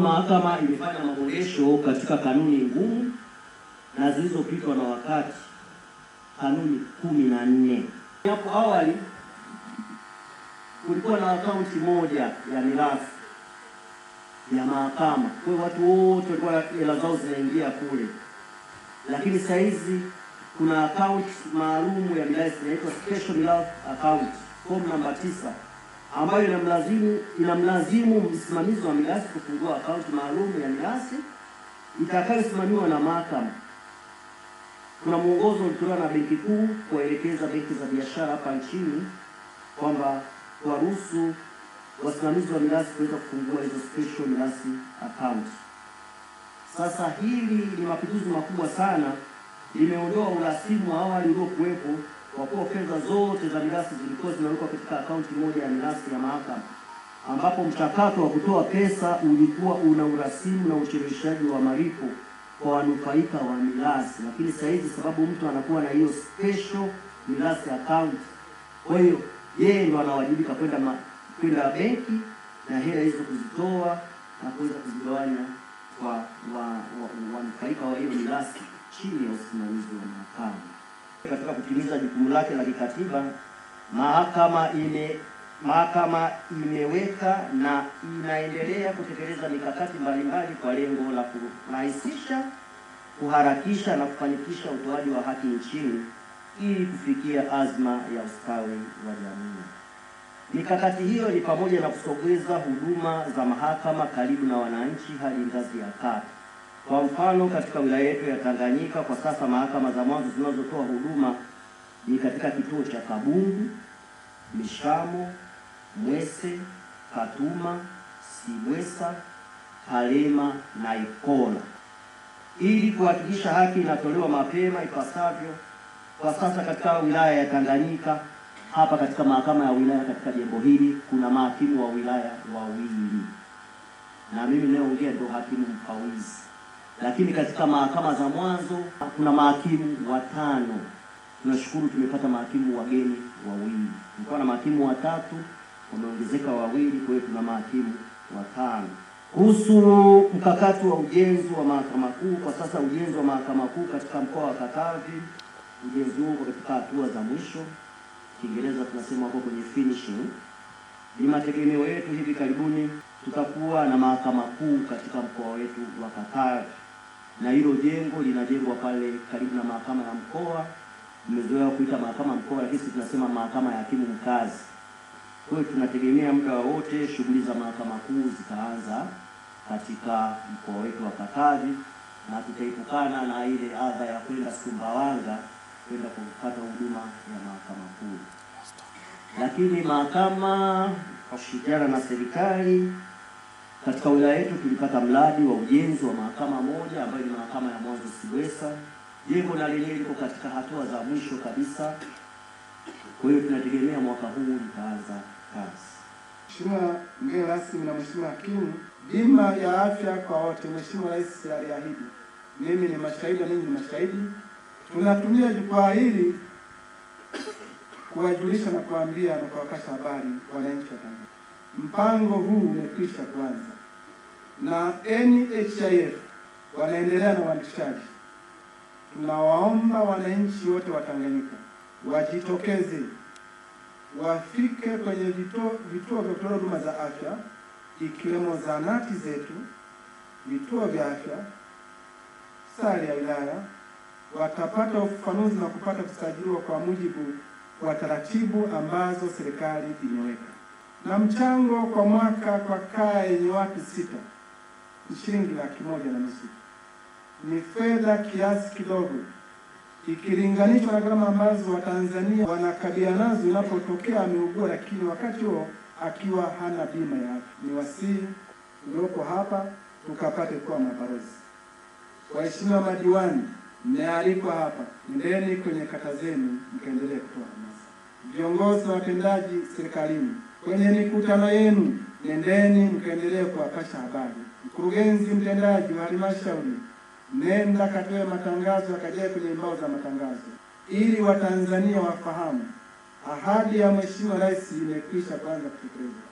Mahakama imefanya maboresho katika kanuni ngumu na zilizopitwa na wakati, kanuni kumi na nne. Hapo awali kulikuwa na akaunti moja ya mirathi ya mahakama, kwa hiyo watu wote walikuwa hela zao zinaingia kule, lakini saa hizi kuna akaunti maalum ya mirathi inaitwa special mirathi account, form namba tisa ambayo inamlazimu inamlazimu msimamizi wa mirasi kufungua akaunti maalum ya mirasi itakayosimamiwa na mahakama. Kuna mwongozo ulitolewa na Benki Kuu kuwaelekeza benki za biashara hapa nchini kwamba kuwaruhusu wasimamizi wa mirasi kuweza kufungua hizo special mirasi account. Sasa hili ni mapinduzi makubwa sana, limeondoa urasimu wa awali uliokuwepo kwa kuwa fedha zote za mirathi zilikuwa zinawekwa katika akaunti moja ya mirathi ya mahakama, ambapo mchakato wa kutoa pesa ulikuwa una urasimu na ucheleweshaji wa malipo kwa wanufaika wa mirathi. Lakini sasa hizi, sababu mtu anakuwa na hiyo special mirathi account, kwa hiyo yeye ndo anawajibika kwenda kwenda benki na hela hizo kuzitoa na kuweza kuzigawanya kwa wanufaika wa hiyo mirathi chini ya usimamizi wa mahakama. Katika kutimiza jukumu lake la kikatiba, mahakama ime mahakama imeweka na inaendelea kutekeleza mikakati mbalimbali kwa lengo la kurahisisha, kuharakisha na kufanikisha utoaji wa haki nchini ili kufikia azma ya ustawi wa jamii. Mikakati hiyo ni pamoja na kusogeza huduma za mahakama karibu na wananchi hadi ngazi ya kata. Kwa mfano, katika wilaya yetu ya Tanganyika kwa sasa mahakama za mwanzo zinazotoa huduma ni katika kituo cha Kabungu, Mishamo, Mwese, Katuma, Sibwesa, Halema na Ikola. Ili kuhakikisha haki inatolewa mapema ipasavyo, kwa sasa katika wilaya ya Tanganyika hapa katika mahakama ya wilaya katika jimbo hili kuna mahakimu wa wilaya wawili, na mimi ninayoongea ndio hakimu mfawizi lakini katika mahakama za mwanzo kuna mahakimu watano. Tunashukuru tumepata mahakimu wageni wawili, tulikuwa na mahakimu watatu, wameongezeka wawili, kwa hiyo tuna mahakimu watano. Kuhusu mkakati wa ujenzi wa mahakama kuu, kwa sasa ujenzi wa mahakama kuu katika mkoa wa Katavi, ujenzi huo uko katika hatua za mwisho, Kiingereza tunasema uko kwenye finishing. Ni mategemeo yetu hivi karibuni tutakuwa na mahakama kuu katika mkoa wetu wa Katavi na hilo jengo linajengwa pale karibu na mahakama ya mkoa. Mmezoea kuita mahakama mkoa, lakini tunasema mahakama ya hakimu mkazi. Kwa hiyo tunategemea muda wowote shughuli za mahakama kuu zitaanza katika mkoa wetu wa Katavi, na tutaepukana na ile adha ya kwenda Sumbawanga kwenda kupata huduma ya mahakama kuu. Lakini mahakama kwa kushirikiana na serikali katika wilaya yetu tulipata mradi wa ujenzi wa mahakama moja ambayo ni mahakama ya Mwanza Sibwesa. Jengo na lenyewe liko katika hatua za mwisho kabisa, kwa hiyo tunategemea mwaka huu litaanza kazi. Mheshimiwa mgeni rasmi na Mheshimiwa Hakimu, bima ya afya kwa wote Mheshimiwa Rais aliahidi, mimi ni mashahidi, mimi ni mashahidi. Tunatumia jukwaa hili kuwajulisha na kuambia na kuwakasha habari wananchi wa Mpango huu umekwisha kwanza na NHIF wanaendelea na uandikishaji. Tunawaomba wananchi wote wa Tanganyika wajitokeze, wafike kwenye vituo vituo vya kutolea huduma za afya ikiwemo zahanati zetu, vituo vya afya, sare ya wilaya, watapata ufafanuzi na kupata kusajiliwa kwa mujibu wa taratibu ambazo serikali imeweka na mchango kwa mwaka kwa kaya yenye watu sita ni shilingi laki moja na nusu. Ni fedha kiasi kidogo ikilinganishwa na gharama ambazo Watanzania wanakabiliana nazo inapotokea ameugua, lakini wakati huo akiwa hana bima ya afya. Ni wasii uliopo hapa tukapate kuwa mabalozi. Waheshimiwa madiwani, mmealikwa hapa, nendeni kwenye kata zenu mkaendelee kutoa hamasa. Viongozi wa watendaji serikalini kwenye mikutano yenu, nendeni mkaendelee kuwapasha habari. Mkurugenzi mtendaji wa halmashauri, nenda katoe matangazo, akajae kwenye mbao za matangazo, ili Watanzania wafahamu ahadi ya Mheshimiwa Rais imekwisha kuanza kutekelezwa.